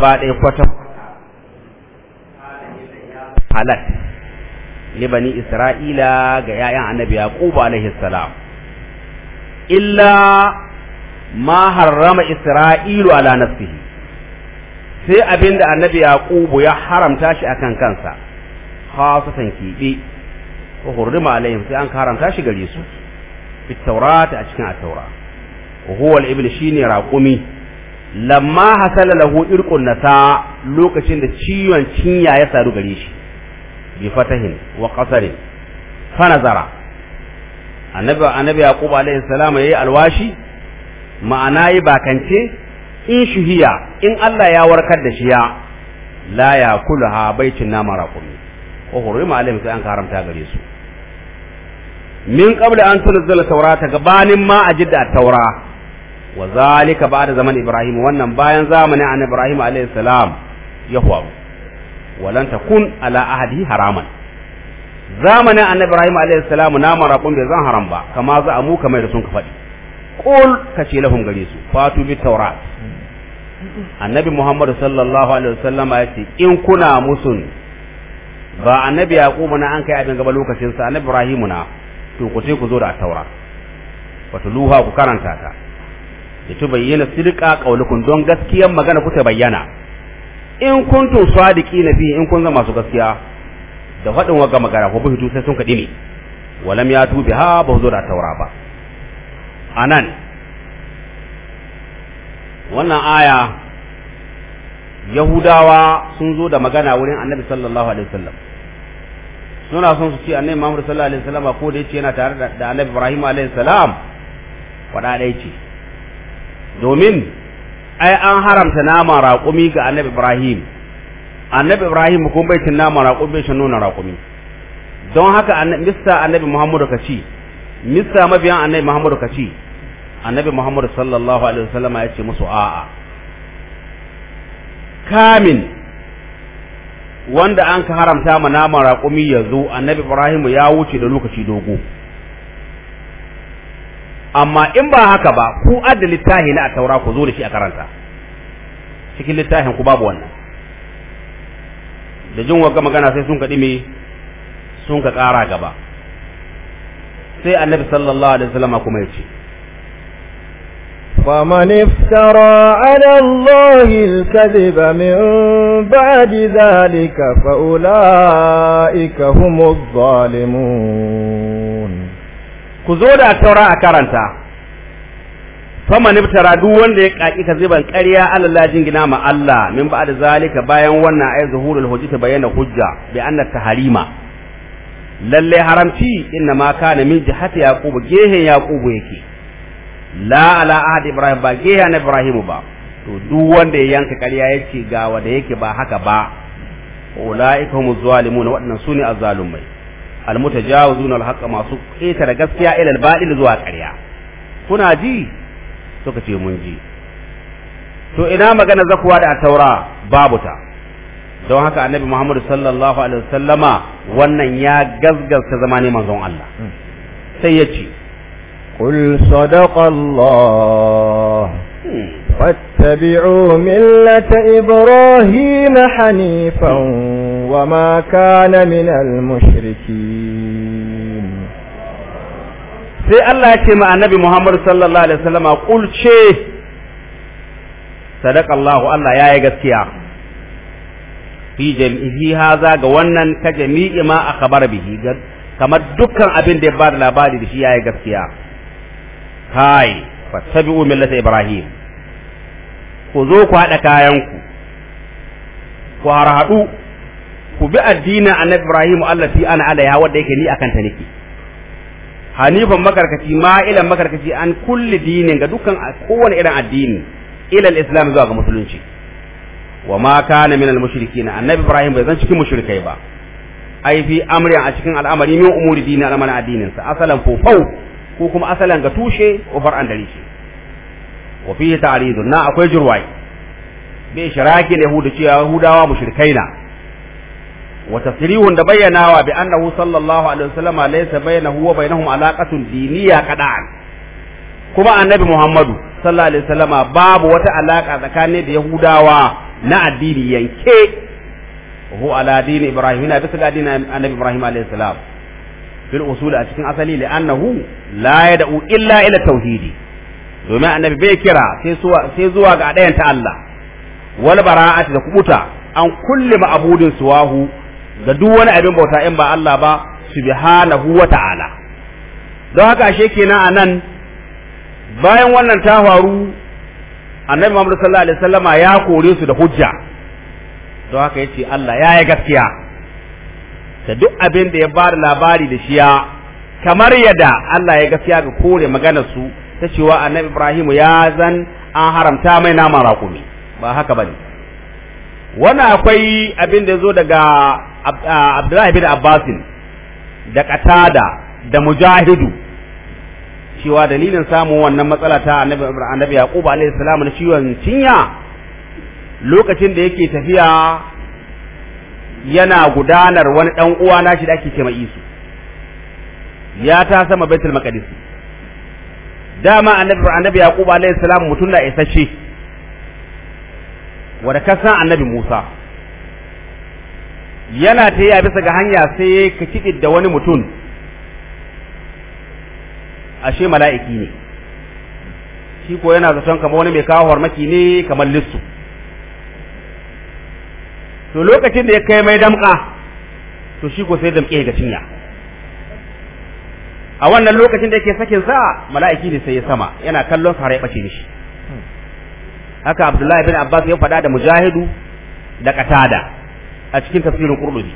gaba ɗaya kwata halal libani isra'ila ga yayan annabi yaqub alaihi salam illa ma harrama isra'ilu ala nafsihi sai abinda annabi yaqub ya haramta shi akan kansa khasatan kibi ko hurrima alaihim sai an haramta shi gare su fit tawrat a cikin at-taura wa huwa al-ibl shine raqumi lamma hasala lahu irqun nasa lokacin da ciwon cinya ya saru gare shi bi fatahin wa qasarin fa nazara annabi annabi yaqub alaihi salam yayi alwashi ma'ana yi bakance in shuhiya in Allah ya warkar da shi ya la yakulha baitin nama raqumi ko hurima alaihim sai an karanta gare su min qabla an tunzila tawrata gabanin ma ajidda a taura wa zalika ba'da zaman Ibrahim wannan bayan zamanin an Ibrahim alaihi salam ya faru walan takun ala ahadi haraman zamanin an Ibrahim alaihi salam na marakun bai zan haram ba kama za a amu kamar da sun ka faɗi qul kace lahum gare su fatu bi tawrat annabi Muhammad sallallahu alaihi wasallama yace in kuna musun ba annabi yaqubu na an kai abin gaba lokacin sa annabi Ibrahim na to ku ce ku zo da taura wato luha ku karanta ta bayyana sirka kaulukun don gaskiyar magana kuka bayyana in sadiki na fi in kun zama su gaskiya da fadin waga magana ko bihitu sai sun kadi ne walam ya tubi ha ba zo da taura ba anan wannan aya yahudawa sun zo da magana wurin annabi sallallahu alaihi wasallam suna son su ce annabi Muhammad sallallahu alaihi wasallam ko da yace yana tare da annabi Ibrahim alaihi salam wada dai ce domin ai an haramta naman raƙumi ga annabi Ibrahim annabi Ibrahim kun bai cin naman raƙumi bai cin raƙumi don haka mista annabi Muhammadu ka ci mista mabiyan annabi Muhammadu ka ci annabi Muhammadu sallallahu alaihi wasallama ya ce musu a'a kamin wanda an ka haramta ma naman raƙumi yanzu annabi Ibrahim ya wuce da lokaci dogo amma in ba haka ba ku adda littahi na a taura ku zo da shi a karanta cikin littafin ku babu wannan da jin wagga magana sai sun kaɗi me sun ka ƙara gaba sai annabi sallallahu alaihi wasallam kuma ya ce فمن افترى على الله الكذب من بعد ذلك فأولئك هم الظالمون ku zo da taura a karanta fama niftara duk wanda ya kaki ka ziban ƙarya Allah jingina ma Allah min ba da zalika bayan wannan ayat zuhurul hujjata bayyana hujja bi anna taharima lalle haramci inna ma kana min jihati yaqub gehen yaqub yake la ala ahad ibrahim ba gehen ibrahim ba to duk wanda ya yanka ƙarya yace ga wanda yake ba haka ba ulaika humu zalimun waɗannan sune azzalumai almutajawizuna alhaqqa masu ƙetare gaskiya ila albatil zuwa ƙarya kuna ji suka ce mun ji to ina magana zakuwa da taura babu ta don haka annabi Muhammad sallallahu alaihi wasallama wannan ya gazgasta zamani manzon Allah sai ya ce qul sadaqa Allah hmm. واتبعوا ملة إبراهيم حنيفا وما كان من المشركين سي الله كما النبي محمد صلى الله عليه وسلم قل شيء صدق الله الله يا يغسيا في جمعه هذا ga wannan ka jami'i ma akhbar bihi kamar dukkan abin da ya bada labari da shi yayi gaskiya kai fattabi'u millata ibrahim ku zo ku haɗa kayanku ku harhaɗu ku bi addinin annabi Ibrahim Allah fi ana alaya wanda yake ni akan ta nake hanifan makarkaci ma ma'ilan makarkaci an kulli dinin ga dukkan kowane irin addini ilal islam zuwa ga musulunci wa ma kana min al-mushrikin annabi Ibrahim bai zan cikin mushrikai ba ai fi amri a cikin al'amari min umuri dini al'amari addinin sa asalan fofau ko kuma asalan ga tushe ko far'an dare shi wa fihi ta'ridun na akwai jurwai bi shiraki yahud cewa yahudawa mushrikai na wa tasrihun da bayyanawa bi annahu sallallahu alaihi wasallam laysa bainahu wa bainahum alaqatun diniyya qada'an kuma annabi muhammadu sallallahu alaihi wasallama babu wata alaka tsakanin da yahudawa na addini yanke hu ala dini ibrahim na bisa ga dinin annabi ibrahim alaihi salam bil usul a cikin asali li annahu la yad'u illa ila tauhidi domin annabi bai kira sai zuwa ga ɗayan ta Allah wal bara'ati da kubuta an kulli ma'budin suwahu da duk wani abin bauta in ba Allah ba subhanahu wa ta'ala don haka ashe kenan anan bayan wannan ta faru annabi Muhammad sallallahu alaihi wasallama ya kore su da hujja don haka yace Allah ya yi gaskiya da duk abin da ya bada labari da shiya kamar yadda Allah ya gaskiya ga kore maganar su ta cewa annabi Ibrahim ya zan an haramta mai naman raƙumi ba haka ba ne wannan akwai abin da zo daga Abdullahi bin Abbasin da Qatada da Mujahidu cewa dalilin samun wannan matsala ta annabi annabi Yaqub alaihi salam na ciwon cinya lokacin da yake tafiya yana gudanar wani dan uwa nashi da ake cewa Isu ya ta sama Baitul Maqdis dama annabi annabi yaqub alayhi salam mutunda da isasshe wanda ka san annabi musa yana ta yi bisa ga hanya sai ka kiɗi da wani mutum ashe mala'iki ne shi ko yana zaton kama wani mai kawo farmaki ne kamar lissu to lokacin da ya kai mai damƙa to shi ko sai damke ga cinya a wannan lokacin da yake sakin sa mala'iki ne sai ya sama yana kallon sa har ya bace mishi haka Abdullahi bin Abbas ya faɗa da Mujahidu da Qatada a cikin tafsirin Qurtubi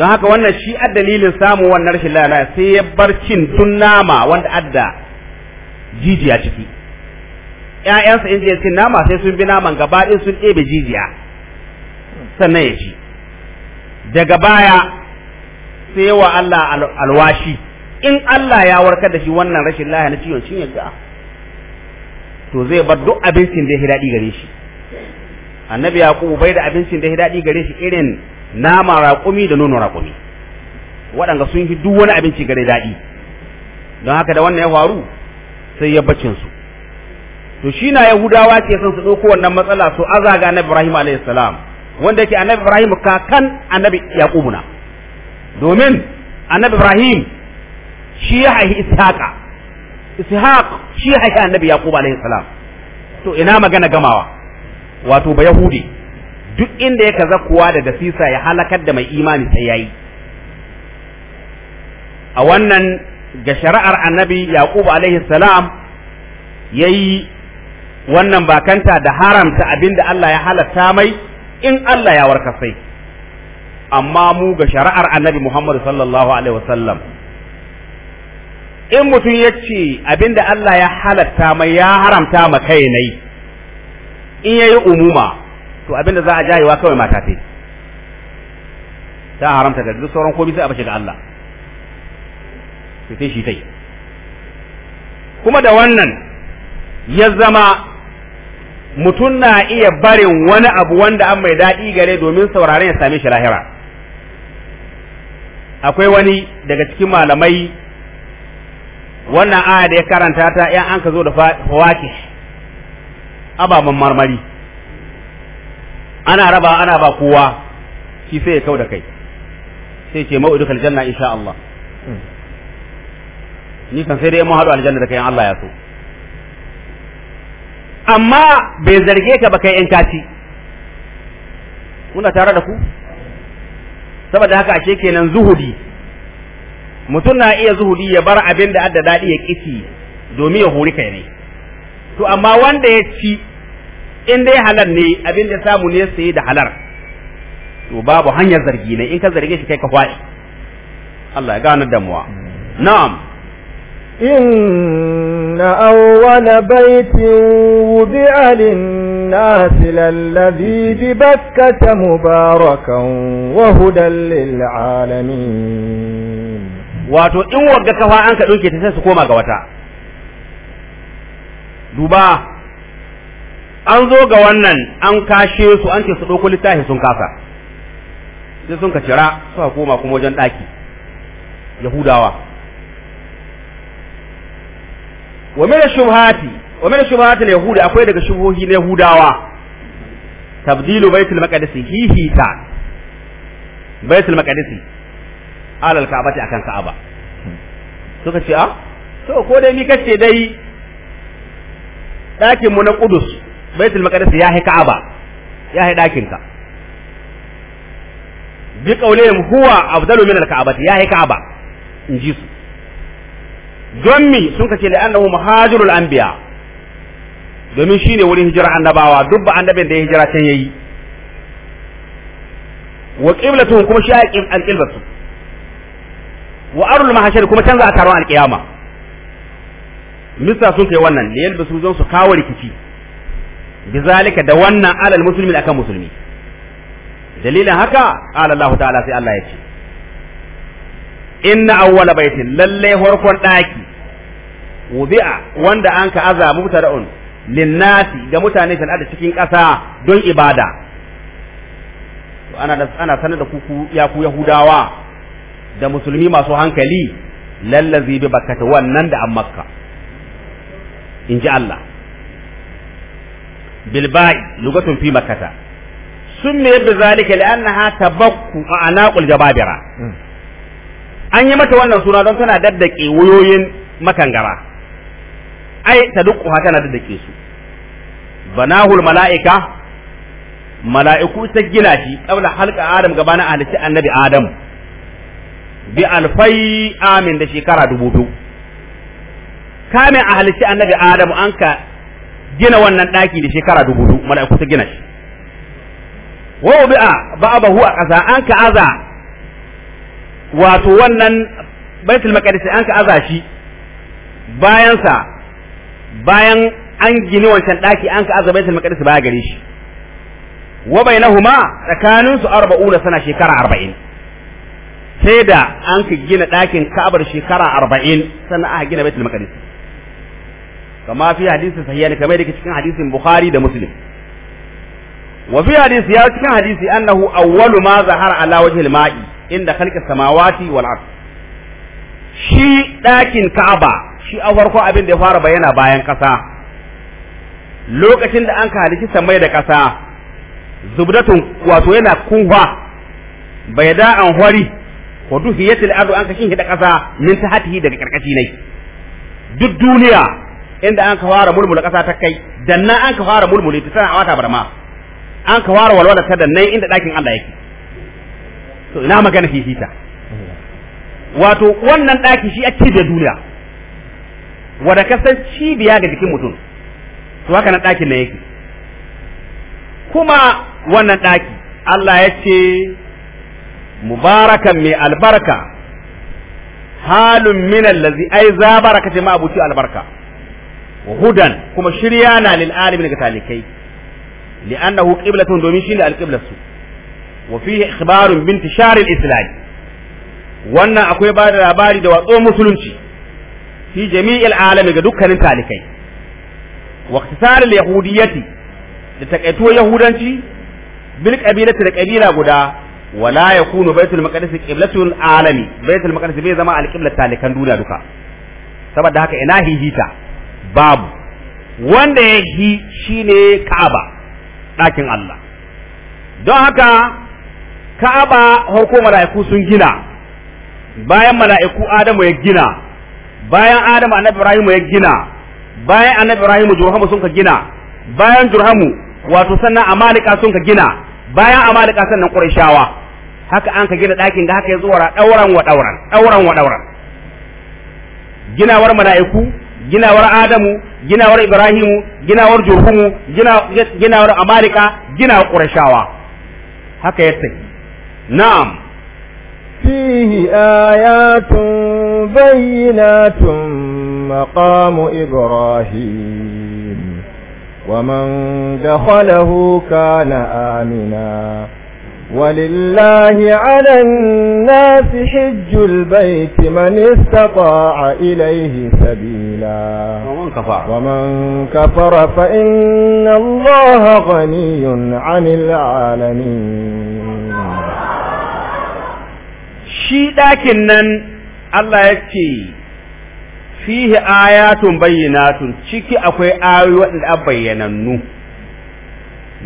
don haka wannan shi a dalilin samu wannan rashin lana sai ya bar cin tun nama wanda adda jijiya ciki ƴaƴansa in je cin nama sai sun bi naman gaba ɗin sun ɗebe jijiya sannan ya ci daga baya sai wa Allah alwashi in Allah ya warkar da shi wannan rashin lahiya na ciwon cin yadda to zai bar duk abincin da ya daɗi gare shi annabi yaqubu bai da abincin da ya daɗi gare shi irin nama raƙumi da nono raƙumi waɗanda sun fi duk wani abinci gare daɗi don haka da wannan ya faru sai ya bacin su to shi na yahudawa ke son su ɗauko wannan matsala su azaga annabi ibrahim alayhi salam wanda yake annabi ibrahim kakan annabi yaqubu na domin annabi ibrahim shi ya haihi ishaqa ishaq shi ya haihi annabi yaqub alayhi salam to ina magana gamawa wato ba yahudi duk inda ya kaza kuwa da dasisa ya halakar da mai imani sai yayi a wannan ga shari'ar annabi yaqub alayhi salam yayi wannan bakanta da haramta abinda Allah ya halatta mai in Allah ya warka sai amma mu ga shari'ar annabi Muhammad sallallahu alaihi wasallam in mutum ya ce abinda Allah ya halatta mai ya haramta ma kai nai in yayi umuma to abinda za a jayewa kawai mata tai ta haramta ga duk sauran komai sai a bace ga Allah to sai shi tai kuma da wannan ya zama mutum na iya barin wani abu wanda an mai daɗi gare domin sauraron ya same shi lahira akwai wani daga cikin malamai wannan aya da ya karanta ta ‘yan an ka zo da fawaki ababen marmari ana raba ana ba kowa shi sai ya kau da kai sai ce ma'udu aljanna insha Allah ni kan sai dai mun haɗu aljanna da kai Allah ya so amma bai zarge ka ba kai ‘yan kaci muna tare da ku saboda haka ashe kenan zuhudi mutum na iya zuhudi ya bar abin da adda daɗi ya kisi domin ya hori kai ne to amma wanda ya ci in dai halal ne abin da samu ne sai da halar to babu hanyar zargi ne in ka zarge shi kai ka faɗi Allah ya gane damuwa na'am إن أول بيت وضع للناس للذي ببكة مباركا وهدى للعالمين wato in wagga kafa an ka ɗauke ta sai su koma ga wata duba an zo ga wannan an kashe su an ce su ɗauko littafi sun kasa sai sun ka cira suka koma kuma wajen ɗaki yahudawa wa min shubhati wa min shubhati al-yahudi akwai daga shubuhi na yahudawa tabdilu baitul maqdis hihi ta baitul maqdis alal ka'bati akan ka'aba suka ce a ah, to ko dai ni kace dai dakin mu na qudus baitul maqdis ya hi ka'aba ya hi dakin ka bi qaulihim huwa afdalu min al-ka'bati ya hi ka'aba in ji su don mi sun kace da annahu muhajirul anbiya domin shine wurin hijira annabawa duk ba annabin da ya hijira can yayi wa qiblatuhum kuma shi aqim alqiblatu wa arul mahashar kuma canza a taron alkiyama misa sun kai wannan da yalbasu zan su kawo rikici bizalika da wannan alal muslimin akan musulmi dalilin haka qala Allah ta'ala sai Allah ya ce inna awwala baitin lalle horkon daki wubi'a wanda an ka aza mubtada'un Linnati ga mutane fil cikin ƙasa don ibada ana ana sanar da kuku ya ku yahudawa da musulmi masu hankali lallazi bi bakkata wannan da an makka Inji Allah bilba'i lugatun fi makkata sun me bi zalika li'annaha tabakku a anaqul jababira mm. an yi mata wannan suna don tana daddake wayoyin makangara ai tadukku tana da dake su banahul mala'ika mala'iku ta gina shi kabla halqa adam na halitta annabi adam bi alfai amin da shekara dubu biyu kamin a halitta annabi adam an ka gina wannan daki da shekara dubu biyu mala'iku ta gina shi wa bi'a ba'abahu a ƙasa an ka aza wato wannan baitul maqdis an ka aza shi bayansa bayan an gini wancan daki an ka azabai ta maqdis baya gare shi wa bainahuma tsakanin su 40 sana shekara 40 sai da an ka gina dakin Ka'abar shekara 40 sannan aka gina Baitul Maqdis kama fi hadisi sahihan kamar yake cikin hadisin Bukhari da Muslim wa fi hadisi ya cikin hadisi annahu awwalu ma zahara ala wajhil mai inda khalqa samawati wal ard shi dakin Ka'aba shi a farko abin da ya fara bayyana bayan ƙasa lokacin da an halici samai da ƙasa zubdatun wato yana kunwa bai da an hori hudu hiyatul ardu an kashin hida ƙasa min hatihi daga karkashi ne duk duniya inda an ka fara mulmula ƙasa ta kai danna an ka fara mulmula ta tana wata barma an ka fara walwala ta danna inda ɗakin Allah yake to ina magana fifita wato wannan ɗaki shi ake da duniya wanda ka san cibiya ga jikin mutum to haka na ɗakin nan yake kuma wannan ɗaki Allah ya ce mubarakan mai albarka halun min allazi ai za baraka ce ma'abuci albarka hudan kuma shirya na lil alamin ga talikai li'annahu qiblatun domin shine alqiblatu wa fihi ikhbarun bin tishar al-islam wannan akwai ba da labari da watsu musulunci fi jami'il alami ga dukkanin talikai wa ikhtisarul yahudiyyati da takaito yahudanci bil qabilati da qabila guda wala yakunu baitul maqdis qiblatul alami baitul maqdis bai zama alqiblat talikan duniya duka saboda haka ina hihita babu wanda ya hi shine Ka'aba ɗakin Allah don haka Ka'aba harko mala'iku sun gina bayan mala'iku Adamu ya gina bayan Adam annabi Ibrahim ya gina bayan annabi Ibrahim Jurhamu sun ka gina bayan Jurhamu wato sannan Amalika sun ka gina bayan Amalika sannan Qurayshawa haka an ka gina ɗakin da haka ya zuwa ɗauran wa ɗauran ɗauran wa ɗauran ginawar mala'iku ginawar Adamu ginawar Ibrahimu ginawar Jurhumu ginawar Amalika ginawar Qurayshawa haka ya tafi na'am فيه آيات بينات مقام إبراهيم ومن دخله كان آمنا ولله على الناس حج البيت من استطاع إليه سبيلا ومن كفر, ومن كفر فإن الله غني عن العالمين shi ɗakin nan Allah ya ce fihi ayatun bayyinatun ciki akwai ayoyi waɗanda a bayyanannu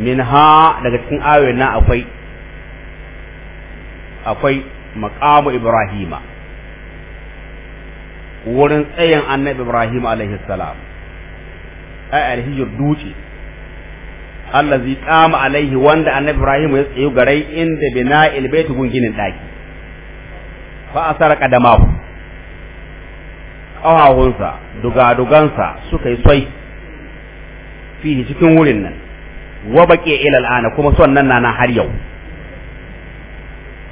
min ha daga cikin ayoyi na akwai akwai maqamu ibrahima wurin tsayin annabi ibrahim alaihi salam ai alhijir duci allazi qama alaihi wanda annabi ibrahim ya tsayu garai inda bina'il baitu ginin daki fa asara qadamahu ƙawawunsa dugadugansa suka yi sai fi cikin wurin nan wa baƙi ilal kuma son nan na har yau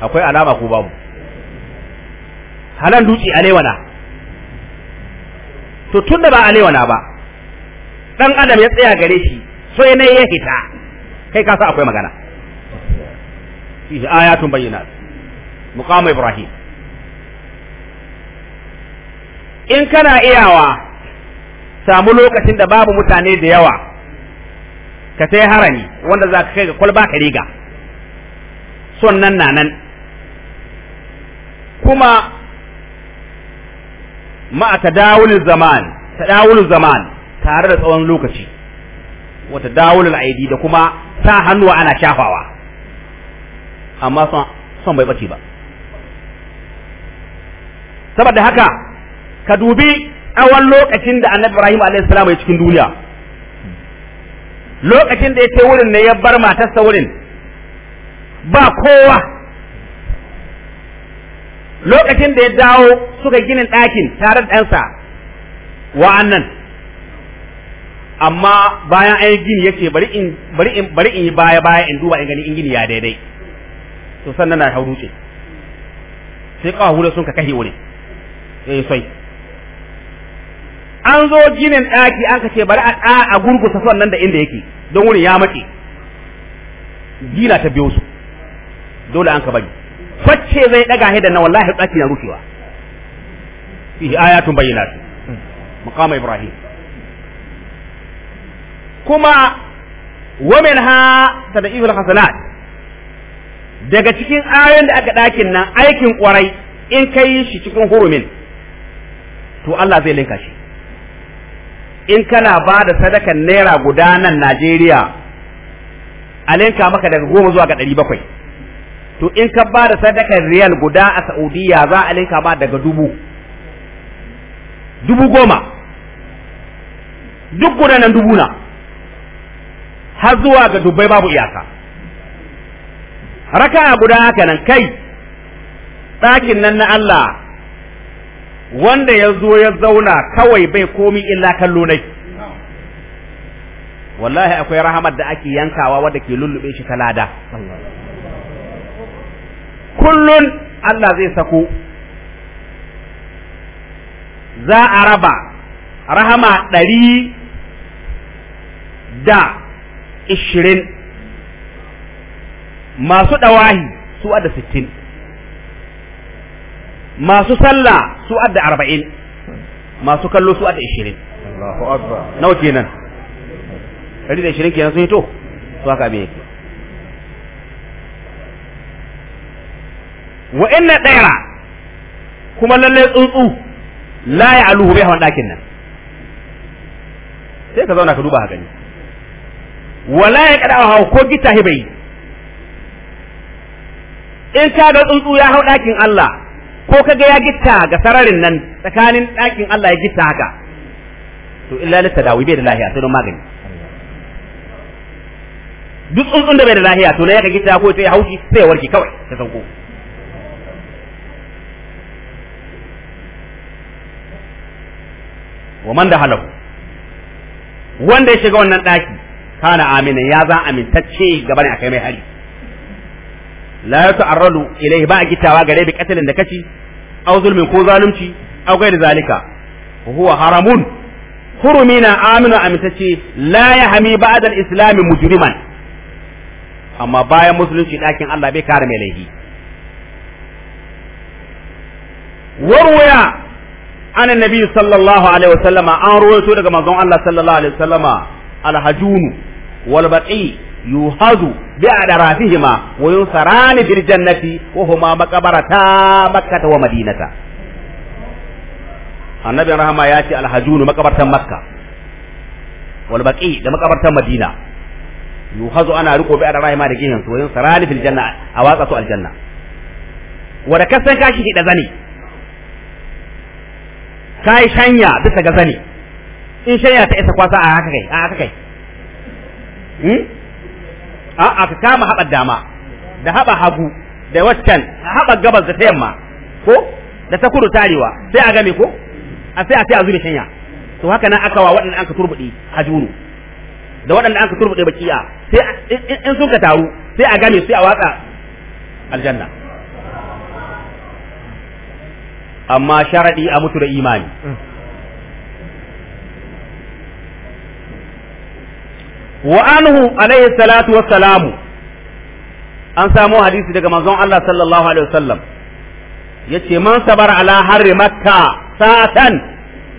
akwai alama ko babu halan duci alewana to tunda ba alewana ba dan adam ya tsaya gare shi so yana ya hita kai ka sa akwai magana fi ayatun bayyinat muqam ibrahim in kana iyawa samu lokacin da babu mutane da yawa ka sai harami wanda za ka kai ga kwalba ka riga son nan na nan kuma ma'a tadawulin zaman zaman tare da tsawon lokaci wata dawulin aidi da kuma sa hannuwa ana shafawa amma son bai bace ba saboda haka ka dubi awan lokacin da annabi Ibrahim alaihi salam ya cikin duniya lokacin da ya ce wurin ne ya bar matarsa wurin ba kowa lokacin da ya dawo suka ginin ɗakin tare da ɗansa wa'annan amma bayan an yi gini yake bari in bari in bari in yi baya baya in duba in gani in gini ya daidai to sannan na hauru ce sai kawo hula sun ka kahi wurin eh sai an zo ginin ɗaki an kace bari a a gurgusa son nan da inda yake don wurin ya mace gila ta biyo su dole an ka bari facce zai daga da na wallahi tsaki na rufewa fihi ayatun bayyinat maqama ibrahim kuma wa minha tad'iful hasanat daga cikin ayoyin da aka dakin nan aikin kwarai in kai shi cikin hurumin to Allah zai linka shi in kana ba da sadakan naira guda nan Najeriya alinka maka daga goma zuwa ga ɗari bakwai to in ka ba da sadakan riyal guda a Saudiya za a linka ma daga dubu dubu goma duk guda nan dubu na har zuwa ga dubbai babu iyaka raka guda haka nan kai ɗakin nan na Allah wanda ya zo ya zauna kawai bai komi illa kallo nai wallahi akwai rahamar da ake yankawa wadda ke lullube shi kalada kullun Allah zai sako za a raba rahama ɗari da ishirin masu ɗawahi su da sittin masu sallah Su'ad da arba'in masu kallo su da ishirin nawa kenan ɗari da ishirin kenan sun hito su haka abin yake wa inna daira kuma lallai tsuntsu la ya aluhu bai hawan ɗakin nan sai ka zauna ka duba gani wala ya kada hawa ko gita bai in ka ga tsuntsu ya hau ɗakin Allah ko kaga ya gitta ga sararin nan tsakanin ɗakin Allah ya gitta haka to illa la tadawi bai da lahiya sai don magani duk tsuntsun da bai da lahiya to na ya gitta ko sai haushi sai warke kawai ta sauko wa man da halafu wanda ya shiga wannan ɗaki kana amina ya za amintacce gaban a kai mai hari la ta'arradu ilayhi ba gitawa gare bi katalin da kaci aw zulmin ko zalunci aw gairi zalika huwa haramun hurumi na aminu amintace la hami ba'da al-islam mujriman amma bayan musulunci dakin Allah bai kare mai laifi warwaya an annabi sallallahu alaihi wasallama an ruwaito daga manzon Allah sallallahu alaihi wasallama al-hajunu wal baqi yuhadu bi adarafihima wa yunsarani fil jannati wa huma maqabarata makkata wa madinata annabi rahama ya ce alhajunu makabartan makka wal baqi da makabartan madina yuhazu ana riko bi adarafihima da gihin su wa yunsarani fil janna a watsa su aljanna wa da kasan kashi da zani kai shanya bisa ga zani in shanya ta isa kwasa a haka kai a haka kai hmm? a'a ka kama haɓar dama da haɓa hagu da waccan haɓa gabas da ta yamma ko da ta kudu tarewa sai a game ko a sai a sai a zuri shanya to haka nan aka wa waɗanda an ka turbuɗe juru da waɗanda an ka turbuɗe bakiya sai in sun ka taru sai a game sai a watsa aljanna amma sharaɗi a mutu da imani mm. wa anhu alaihi salatu wassalamu an samu hadisi daga manzon Allah sallallahu alaihi wasallam yace man sabara ala harri makka satan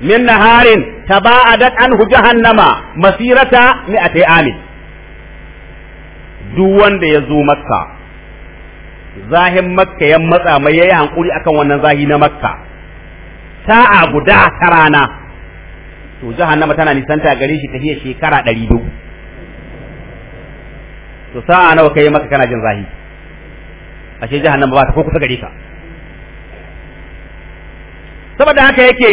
min naharin tabaadat anhu jahannama masirata mi'ati amin duk wanda ya zo makka zahin makka ya matsa mai yayi hankuri akan wannan zahi na makka sa'a guda ta rana to jahannama tana nisanta gare shi tahiyar shekara 200 to sa'a nawa kai maka kana jin zahi ashe jahannama ba ta ko kusa gare ka saboda haka yake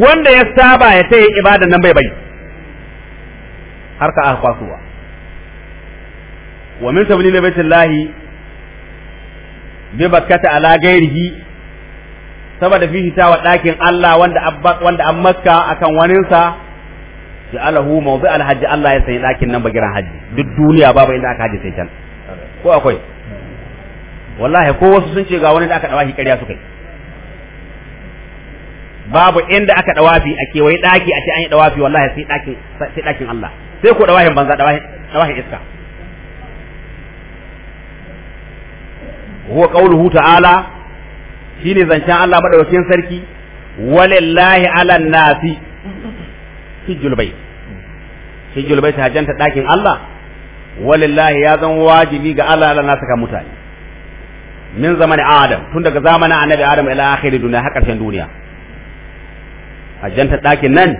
wanda ya saba ya taya ibada nan bai bai har ka aka kwasuwa wa min sabili baitillahi bi bakkata ala gairihi saboda fifita wa ɗakin Allah wanda wanda an maska akan waninsa ja'alahu mawdi'al hajji Allah ya sanya dakin nan bagiran hajji duk duniya babu inda aka haji sai can ko akwai wallahi ko wasu sun ce ga wani da aka dawahi ƙarya suka yi babu inda aka dawafi a kewaye daki a ce an yi dawafi wallahi sai dakin sai dakin Allah sai ko dawahin banza dawa dawahin iska huwa qauluhu ta'ala shine zancen Allah madaukakin sarki walillahi ala nasi hijjul bait hijjul baiti hajjanta dakin Allah walillahi ya zan wajibi ga Allah Allah na saka mutane min zamani adam tun daga zamanin annabi adam ila akhiri duniya har karshen duniya hajjanta dakin nan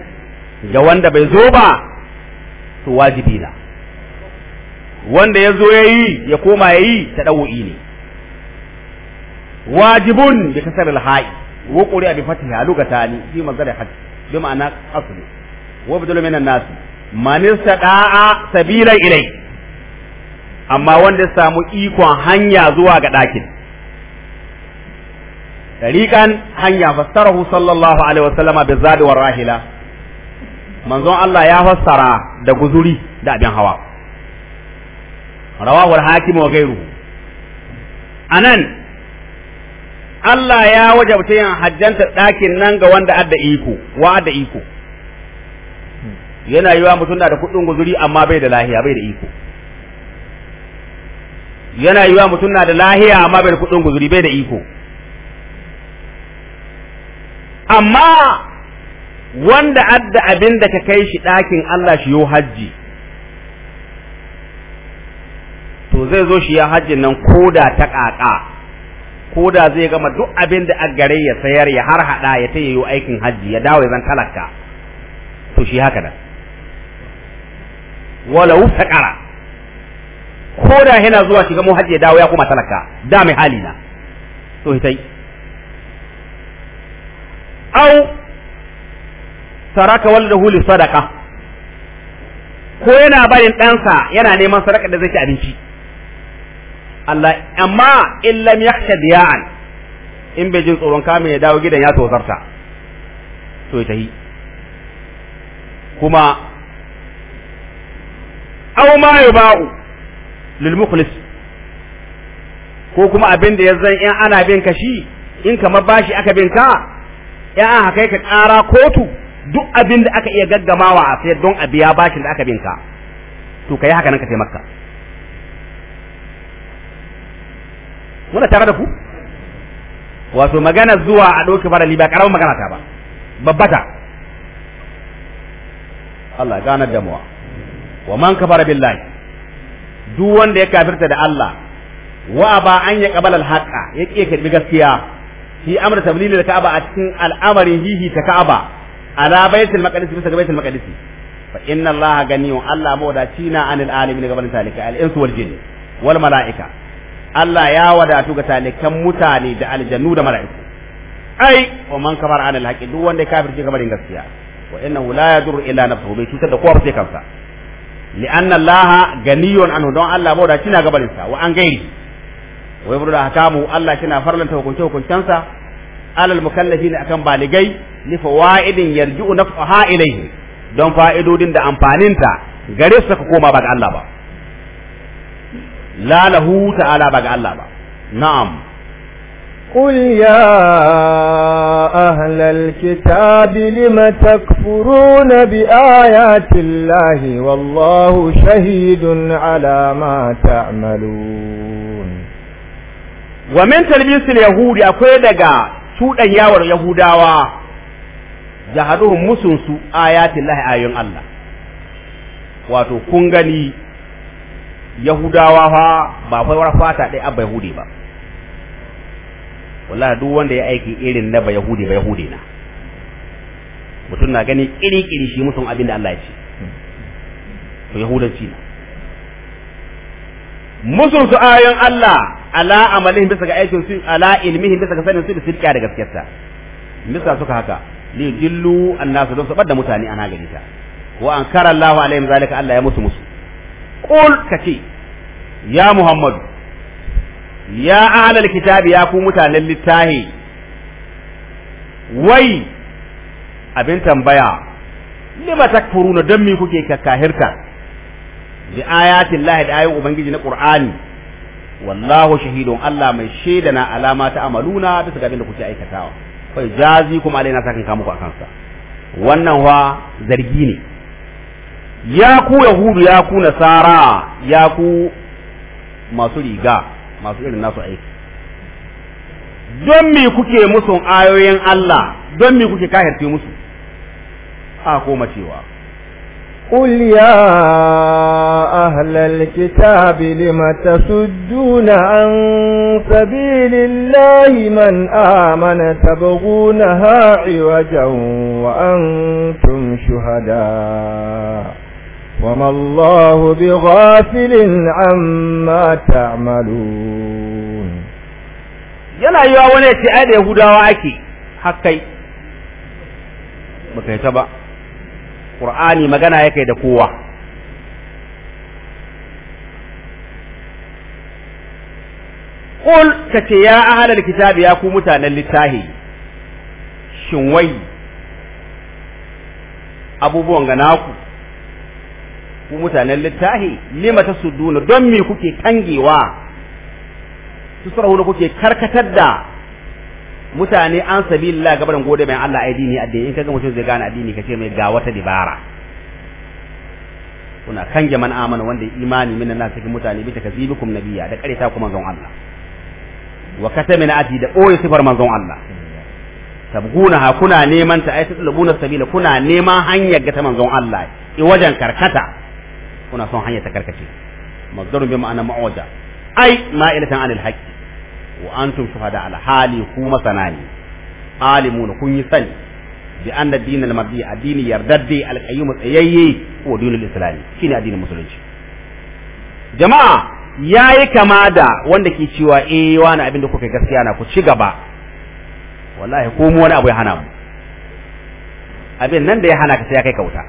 ga wanda bai zo ba to wajibi na wanda ya zo ya yi ya koma ya yi ta dawo'i ne wajibun bi kasar al-ha'i wa quri'a bi fathiha lugatani fi mazari hadd bi ma'ana asli wa bidul min an-nas manin sada'a sabila ilai amma wanda samu ikon hanya zuwa ga ɗakin tariqan hanya fassarahu sallallahu alaihi wasallama bi zadi war rahila manzon Allah ya fassara da guzuri da abin hawa rawahu al-hakim wa ghayruhu anan Allah ya wajabta yin hajjanta ɗakin nan ga wanda adda iko wa adda iko yana yi wa mutum na da kuɗin guzuri amma bai da lahiya bai da iko yana yi wa mutum na da lahiya amma bai da kuɗin guzuri bai da iko amma wanda adda abin da ka kai shi ɗakin Allah shi yo hajji to zai zo shi ya hajji nan koda ta ƙaƙa koda zai gama duk abin da gare ya sayar ya har hada ya ta yo aikin hajji ya dawo ya zan talaka to shi haka da Wala walau kara ko da yana zuwa shiga mu hajji ya dawo ya kuma talaka da mai hali na to tai. au taraka waldahu li sadaqa ko yana barin ɗansa yana neman sadaka da zai ci abinci Allah amma in lam yakhsha in bai jin tsoron kame ya dawo gidan ya tozarta to ita kuma أو ما yuba'u للمخلص ko kuma abin da zan in ana bin ka shi in ka bashi aka bin ka ya an kai ka ƙara kotu duk abin da aka iya gaggamawa a sayar don a biya bashin da aka bin ka to kai haka nan ka taimaka muna tare da ku wato magana zuwa a ɗauke farali ba karamin magana ta ba babbata Allah ganar damuwa wa man kafara billahi duk wanda ya kafirta da Allah wa ba an ya qabala al-haqa ya ki karbi gaskiya fi amr tablili da Ka'aba a cikin al'amarin hihi ta Ka'aba ala baitul maqdis bisa ga baitul maqdis fa inna Allah ganiyun Allah mawdaci na anil alamin gaban talika al-insu wal jinn wal malaika Allah ya wadatu ga talikan mutane da aljannu da mala'iku ai wa man kafara anil haqi duk wanda ya kafirce gaban gaskiya wa innahu la yadur illa nafsuhu bai cutar da kowa sai kansa لأن الله غني عنه دون الله مودا كنا غبرنسا وأن غيري ويبرد أحكامه الله كنا فرلن توكنشه كنشانسا على المكلفين أكم بالغي لفوائد يرجع نفعها إليه دون فائدودين دا أمبانينتا غريسك كوما بعد الله با لا له تعالى بعد الله با نعم قل يا أهل الكتاب لم تكفرون بآيات الله والله شهيد على ما تعملون ومن تلبيس اليهود أقول لك سوء ياور يهوداوا jahaduhum musun su ayatin lahi Allah wato kun gani yahudawa fa ba fawar fata ɗaya abba yahudi ba wala duk wanda ya aiki irin na ba yahudi ba yahudi na mutum na gani kiri-kiri shi musun abin da Allah ya ce to yahudanci na musun su ayan Allah ala amalin bisa ga aikin su ala ilmihin bisa ga sanin su da sirka da ta misa suka haka li dillu annasu don sabar da mutane ana gari ta wa ankara Allahu alaihim zalika Allah ya musu musu qul kace ya Muhammadu ya ahlal kitabi ya ku mutanen littahi wai abin tambaya lima takfuruna dan me kuke kakkahirta bi ayatin lahi da ayoyin ubangiji na qur'ani wallahu shahidun Allah mai shaida na alama ta amaluna bisa ga da kuke aikatawa kai jazi kuma alaina sakin kamu ku akan sa wannan wa zargi ne ya ku yahudu ya ku nasara ya ku masu riga masu irin nasu aiki don me kuke musu ayoyin Allah don me kuke kahirce musu a koma cewa قل يا أهل الكتاب لم تسدون عن سبيل الله من آمن تبغونها عوجا وأنتم شهداء وما الله بغافل عما تعملون yana yiwa wani ya ce ai da yahudawa ake hakkai baka ta ba qur'ani magana yake da kowa qul kace ya ahlal kitabi ya ku mutanen littafi shin wai abubuwan ga naku ku mutanen littahi lima ta tasuduna don me kuke kangewa tusrahu kuke karkatar da mutane an sabilillah gaban gode bayan Allah addini addini in kaga mutum zai gane addini ce mai ga wata dibara kuna kange man amana wanda imani minan nas cikin mutane bi takazibukum nabiyya da ta kuma zan Allah wa katamina ati da boye sifar manzon Allah tabguna ha kuna neman ta ai tabuna sabila kuna neman hanyar ga ta manzon Allah i wajen karkata kuna son hanya ta karkace mazdarun bi ma'ana ma'uda ai ma'ilatan anil haqqi wa antum shuhada ala hali ku masanani alimun kun yi sani bi anna dinal mabdi addini yardaddi al qayyim tsayayye wa dinul islami shine addinin musulunci jama'a yayi kama da wanda ke cewa eh wani abin da kuka gaskiya na ku ci gaba wallahi ko mu wani abu ya hana mu abin nan da ya hana ka sai ya kai kauta?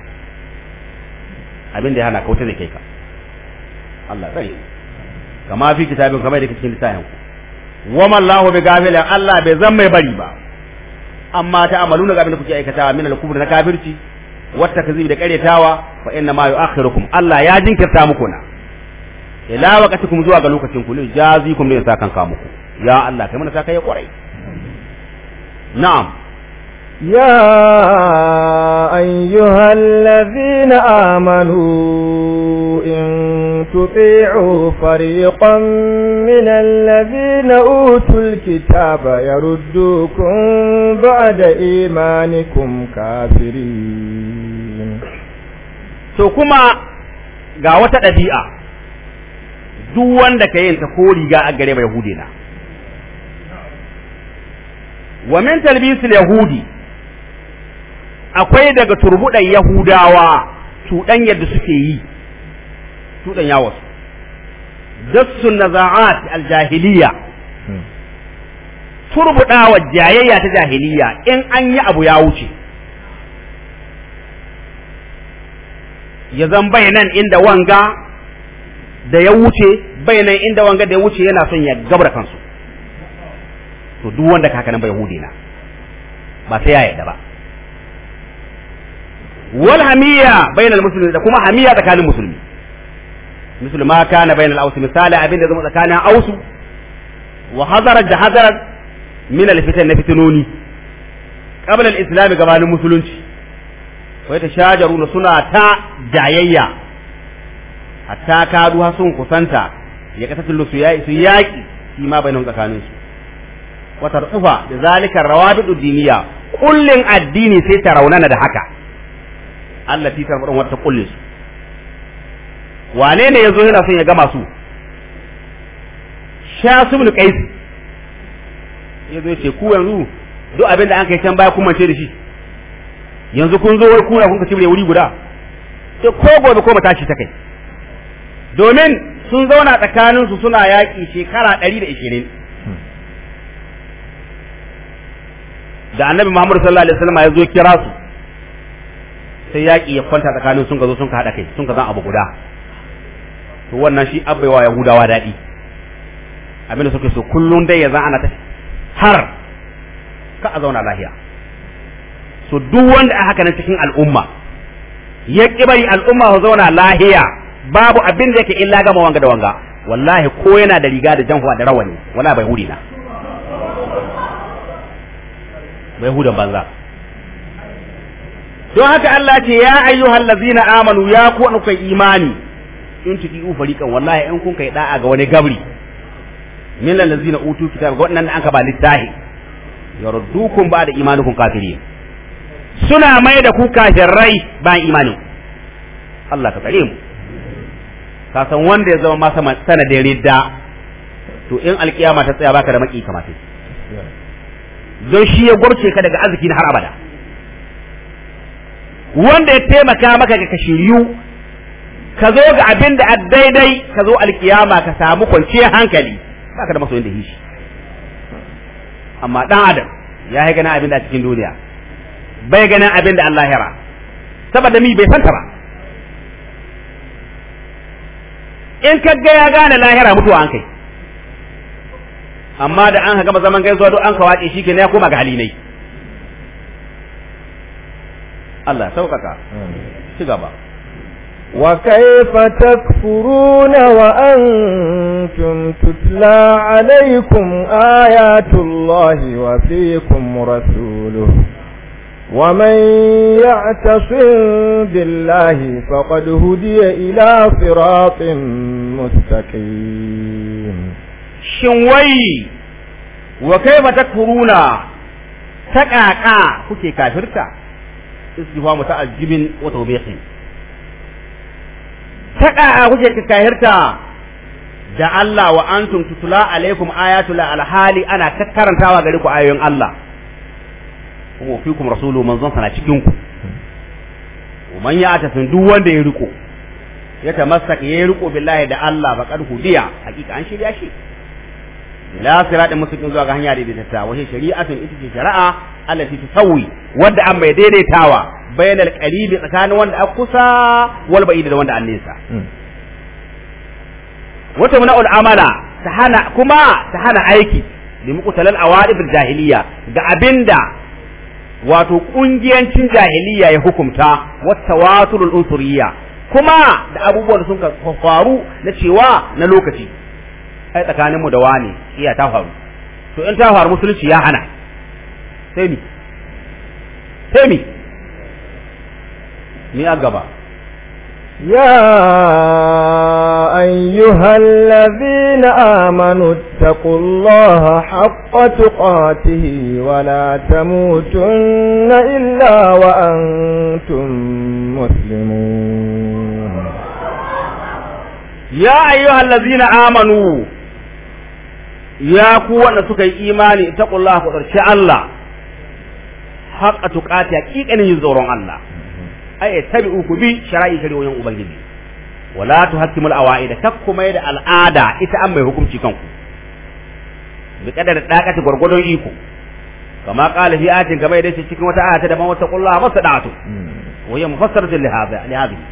abin da ya hana kauta zai kai ka Allah zai kama fi kitabin kamar da cikin littafin ku wa mallahu bi gafilin Allah bai zan mai bari ba amma ta amalu na gabin da kuke aikatawa min al-kubur na kafirci wa takzib da karyatawa fa inna ma yu'akhirukum Allah ya jinkirta muku na ila waqatikum zuwa ga lokacin ku jazikum ne sakan ka muku ya Allah kai mana sakai ya kwarai na'am يا أيها الذين آمنوا إن تطيعوا فريقا من الذين أوتوا الكتاب يردوكم بعد إيمانكم كافرين سوكما قاوة أبيئة دوان دكين تقولي قاء قريب يهودنا ومن تلبيس اليهودي akwai daga turbuɗan yahudawa cuɗan yadda suke yi cuɗan yawasu dassun naza'at aljahiliya hmm. turbuɗawa jayayya ta jahiliya in an yi abu ya wuce ya zan bayanan inda wanga da ya wuce bayanan inda wanga da ya wuce yana son ya gabra kansu to duk wanda ka bai hudi na ba sai ya yarda ba wal hamiya bainal muslimin da kuma hamiya tsakanin musulmi musulma kana bainal ausu misali abin da zama tsakanin ausu wa hazarar da hazarar min alfitan na fitinoni qabla al-islam gabanin musulunci wai ta na suna ta jayayya hatta kadu har sun kusanta ya katatul su yayi su yaki shi ma tsakanin su wa tarfa da zalika rawabidu diniya kullin addini sai ta raunana da haka Allah fi kan tamrun wata kullin wane ne yazo yana son ya gama su shasu ibn qais yazo ya ce ku yanzu duk abin da an kai can baya kuma ce da shi yanzu kun zo wai kuna kun ka cibre wuri guda to ko gobe ko matashi ta kai domin sun zauna tsakaninsu suna yaƙi shekara ɗari da ishirin da annabi Muhammadu sallallahu alaihi wasallam ya zo kira su sai yaƙi ya kwanta tsakanin sun ka zo sun ka haɗa kai sun ka zan abu guda to wannan shi abai abaiwa yahudawa daɗi abinda suke so kullum dai ya zan ana ta har ka a zauna lahiya so duk wanda a haka nan cikin al'umma ya ƙi bari al'umma su zauna lahiya babu abin da yake illa gama wanga da wanga wallahi ko yana da riga da janhuwa da rawani wala bai hudi na bai huda banza don haka Allah ce ya ayyuhal ladzina amanu ya ku an kai imani in tudi u fariqan wallahi in kun kai da'a ga wani gabri min ladzina utu kitab ga wannan an ka ba littahi yaruddukum ba'da imanikum kafirin suna mai da ku kafirai ba imanin Allah ka tsare mu ka san wanda ya zama masa sanadin ridda to in alkiyama ta tsaya baka da maki kamata don shi ya gurce ka daga arziki na har abada wanda ya taimaka maka ga kashiriyu ka zo ga abin da a daidai ka zo alkiyama ka samu kwanciyar hankali ba ka da masoyin da hishi amma dan adam ya yi ganin abin da a cikin duniya bai ganin abin da Allah ya saboda mi bai santa ba in ka ga ya gane lahira mutuwa an kai amma da an ga zaman gaisuwa duk an kawace shi ke ya koma ga halinai Allah sauƙaƙa ci gaba. Wa kaifa takfuruna wa antum alaikum ayatullahi wa fikum rasuluhu wa man ya'tasim billahi faqad hudiya ila siratin mustaqim shin wai wa kaifa takfuruna taqaqa kuke kafirta استفهام تعجب وتوبيخ تقع وجهك كاهرتا da Allah wa antum tutula alaikum ayatul alhali ana karantawa gare ku ayoyin Allah kuma fikum rasulu manzon sana cikin ku man ya ta duk wanda ya riko ya tamassaka ya riko billahi da Allah faqad hudiya hakika an shirya shi ila siratin mustaqim zuwa ga hanya daidaitatta wa shari'atun ita ce shari'a allati tusawi wanda an bai daidaitawa bainal qaribi tsakanin wanda a kusa wal ba'id da wanda an nesa hmm. wata mana al'amala ta hana kuma ta hana aiki da muqtalal awadib jahiliya ga abinda wato kungiyancin jahiliya ya hukumta wata watulul unsuriyya kuma da abubuwan sun faru na cewa na lokaci ai tsakanin mu da wani iya ta faru to in ta faru musulunci ya hana sai mi sai mi ni a gaba يا أيها الذين آمنوا اتقوا الله حق تقاته ولا تموتن إلا وأنتم مسلمون يا أيها الذين آمنوا ya ku wanda suka yi imani taqullaha ku tsarki Allah haqa tuqati haqiqanin yin tsoron Allah ai tabi'u ku bi shara'i shari'o'in ubangiji wala tuhakkimul awaid takku mai da al'ada ita an mai hukunci kanku bi kadar dakati gurgudun iko kama qala fi atin kama yadda cikin wata ayata da wata wata qullaha masadatu hmm. wa hiya mufassar da hadha li hadhihi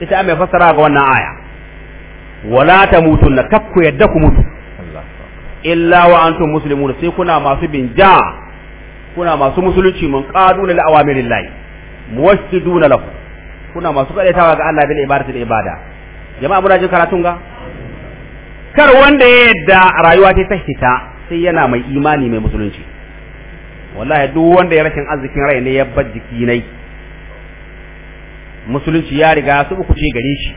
ita an mai fassara ga wannan aya wala tamutunna na ku yadda ku mutu illa wa antum muslimun sai kuna masu bin ja kuna masu musulunci mun qadu lil awamirillahi muwassiduna lahu kuna masu kadaitawa ga Allah bil ibadati da ibada jama'a muna jin karatun ga kar wanda ya yadda rayuwa ta tahita sai yana mai imani mai musulunci wallahi duk wanda ya rashin arzikin rai ne ya bar jikinai musulunci ya riga su uku ce gare shi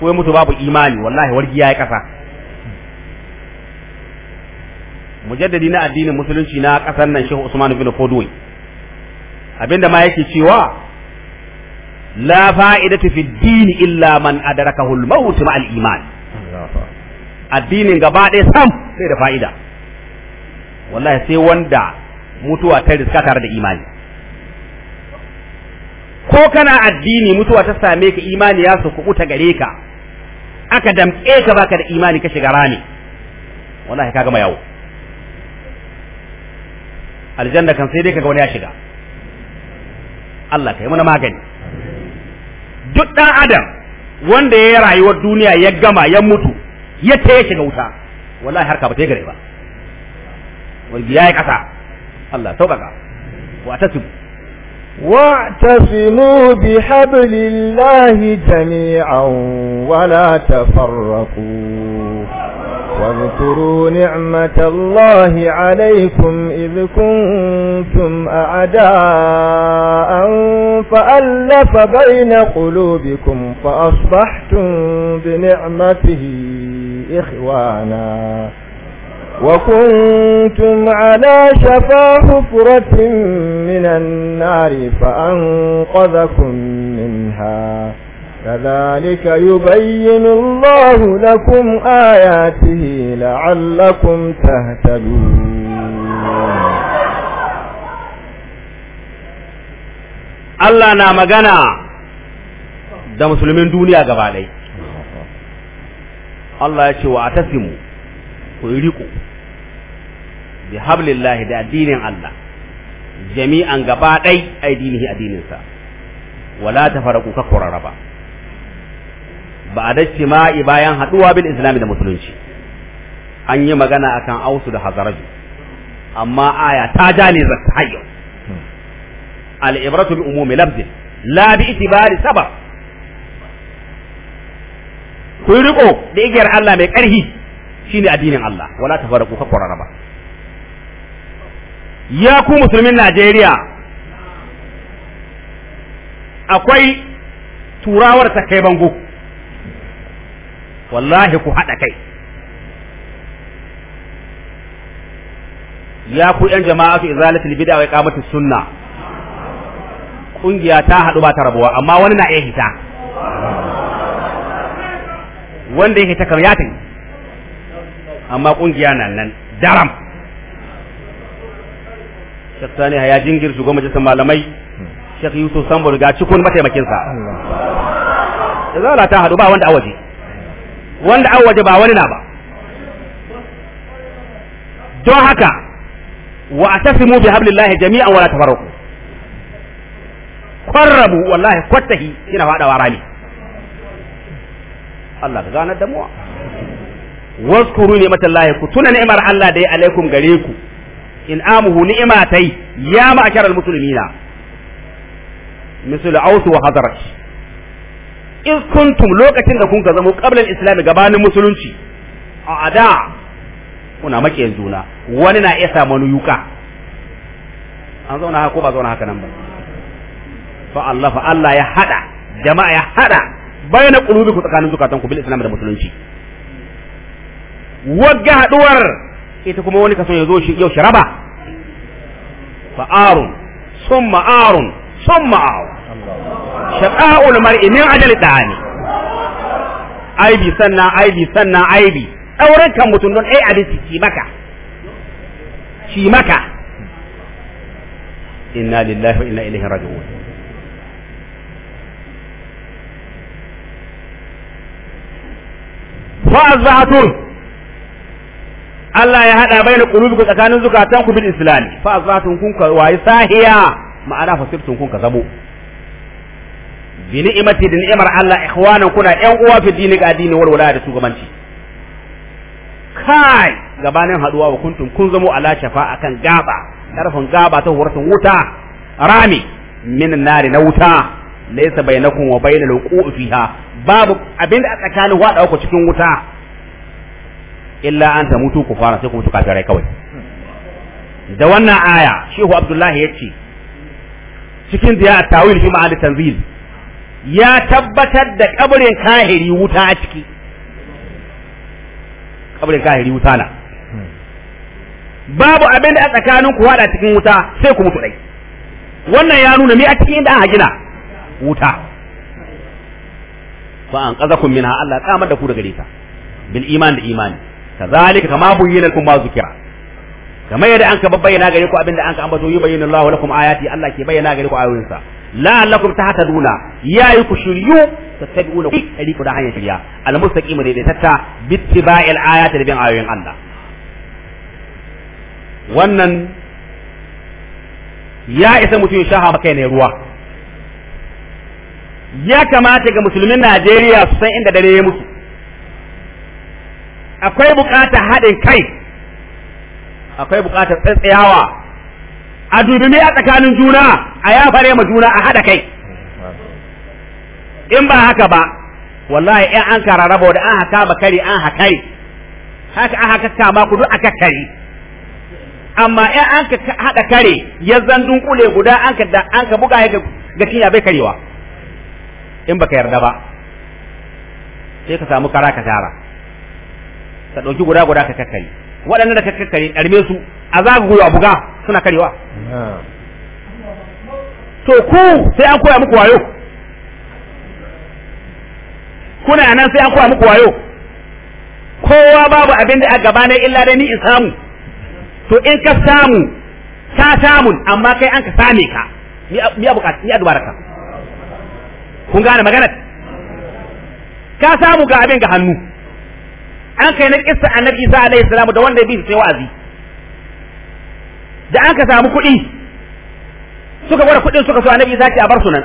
ko ya mutu babu imani wallahi wargiya ya kasa mujaddadi na addinin musulunci na ƙasar nan shehu usman bin fodwe abinda ma yake cewa la fa'idatu fi dini illa man adrakahu al-maut ma al-iman addinin gaba ɗaya sam sai da fa'ida wallahi sai wanda mutuwa ta riska tare da imani ko kana addini mutuwa ta same ka imani ya su ta gare ka aka damƙe ka baka da imani ka shiga rami wallahi ka gama yawo aljanna kan sai dai kaga wani ya shiga Allah kai muna magani duk dan adam wanda ya yi rayuwar duniya ya gama ya mutu ya ta ya shiga wuta wallahi harka ba ta gare ba wani ya yi kasa Allah sauƙaƙa wa ta tubu واعتصموا بحبل الله جميعا ولا تفرقوا واذكروا نعمة الله عليكم إذ كنتم أعداء فألف بين قلوبكم فأصبحتم بنعمته إخوانا وكنتم على شفا حفرة من النار فأنقذكم منها كذلك يبين الله لكم آياته لعلكم تهتدون Allah na magana da musulmin duniya gaba ɗai. Allah ya ce wa a tasimu ku riko hablillahi da addinin Allah jami'an gaba ɗai aidinihi addininsa wala ta faraku ka kuraraba. ba ba a da jima'i bayan haɗuwa bil islami da musulunci an yi magana akan ausu da hazaraju amma aya ta jale za ta hayyo al ibratu bi umumi lafzi la bi itibari sabab ku riko da igiyar Allah mai karhi shine addinin Allah wala tafarraqu ka qurara ya ku musulmin Najeriya akwai turawar ta kai bango wallahi ku haɗa kai ya ku ‘yan jama'a su izalatul bid'a wa iqamatus sunna ƙungiya ta haɗu ba ta rabuwa amma wani na iya hita wanda ya hita kam ya tafi amma ƙungiya na nan daram Sheikh Sani ya jingir shugaban majalisar malamai Sheikh Yusuf Sambo ga cikon mataimakinsa. Izala ta haɗu ba wanda a waje. wanda an waje ba wani na ba don haka wa atasimu bi hablillahi jami'an wala tafarraqu qarrabu wallahi kwatahi ina fada wa rami Allah ka ganar da mu waskuru ne matallahi ku tuna ni'imar Allah da ya alaikum gare ku in amuhu ni'imatai ya ma'ashar al-muslimina misal aus wa hadrach in kuntum lokacin da kun ka zama qablan islam gabanin musulunci a ada kuna make juna wani na iya samu yuka an zauna haka ko ba zauna haka nan ba fa Allah fa Allah ya hada jama'a ya hada qulubi ku tsakanin zukatanku bil islam da musulunci wagga haduwar ita kuma wani kaso ya zo shi yau sharaba fa arun summa arun summa arun shaqa'ul mar'i min ajali da'ani aibi sannan aibi sannan aibi ɗaurin kan mutum don ai abin ci maka ci maka inna lillahi wa inna ilaihi raji'un fa'azzahatun Allah ya hada bayan ku tsakanin zukatan ku bil islam fa'azzahatun kun ka wayi sahiya ma'ana fasirtun kun ka zabo bi ni'imati da ni'imar Allah ikhwanan kuna ƴan uwa fi dini ga addini wal wala da shugabanci kai gabanin haduwa wa kuntum kun zamo ala shafa akan gaba karfin gaba ta horatun wuta rami min nari na wuta laysa bainakum wa bainal wuqu'u fiha babu abinda a tsakanin wada ku cikin wuta illa an ta mutu ku fara sai ku mutu kafirai kawai da wannan aya shehu abdullahi yace cikin diya at-tawil fi ma'al tanzil ya tabbatar da kabirin kahiri wuta a ciki kabirin kahiri wuta na babu abin da a tsakanin ku hada cikin wuta sai ku mutu dai wannan ya nuna me a cikin da aka gina wuta fa an qazakum minha Allah kamar da ku daga gare ta bil iman da imani kazalika kama buyyina lakum ma zukira kama yadda an ka bayyana gare ku abin da an ka ambato yi bayyana Allah lakum ayati Allah ke bayyana gare ku ayoyinsa la'allakum tahtaduna ya yi ku shiryu tabi ku kuɗi ku da hanyar shirya al-mustaqim da bai tatta bittiba'il ayati da bin ayoyin Allah wannan ya isa mutum shaha kai ne ruwa ya kamata ga musulmin Najeriya su san inda dare ya mutu akwai bukatar haɗin kai akwai bukatar tsatsayawa a dubi a tsakanin juna a yafare ma juna a haɗa kai in ba haka ba wallahi in an kara rabo da an haka ba kare an haka haka an haka kama ku duk aka kare amma in an ka hada kare ya zan dunkule guda an ka da an ka buga ya ga kinya bai karewa in baka yarda ba sai ka samu kara ka tara ka dauki guda guda ka kakkare waɗannan da ka kakkare arme su a za buga suna karewa to ku sai an koya muku wayo kuna nan sai an koya muku wayo kowa babu abin da a gaba na illa dai ni in samu to in ka samu ka samun amma kai an ka same ka ni a bukatu ni a ka kun gane magana ka samu ga abin ga hannu an kai na kissa annabi Isa alaihi salamu da wanda ya bi sai wa'azi da an ka samu kuɗi suka gwada kuɗin suka so annabi Isa ce a bar su nan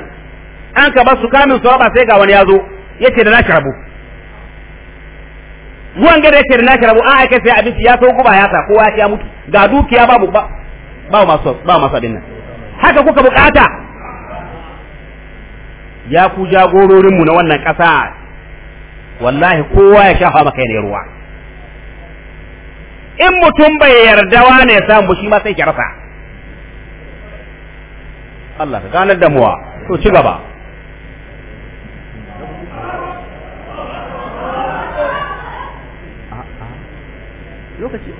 an ka bar su kamin su ba sai ga wani ya zo yace da na rabu ruwan gada yace da na rabu an aika sai abinci ya sauko ba ya sa kowa ya mutu ga dukiya babu ba ba masu ba masu abin nan haka kuka bukata ya ku jagororin mu na wannan kasa wallahi kowa ya shafa maka ne ruwa in mutum bai yarda wa ne samu shi ma sai ki rasa Allah ka ganar da muwa to ci gaba lokaci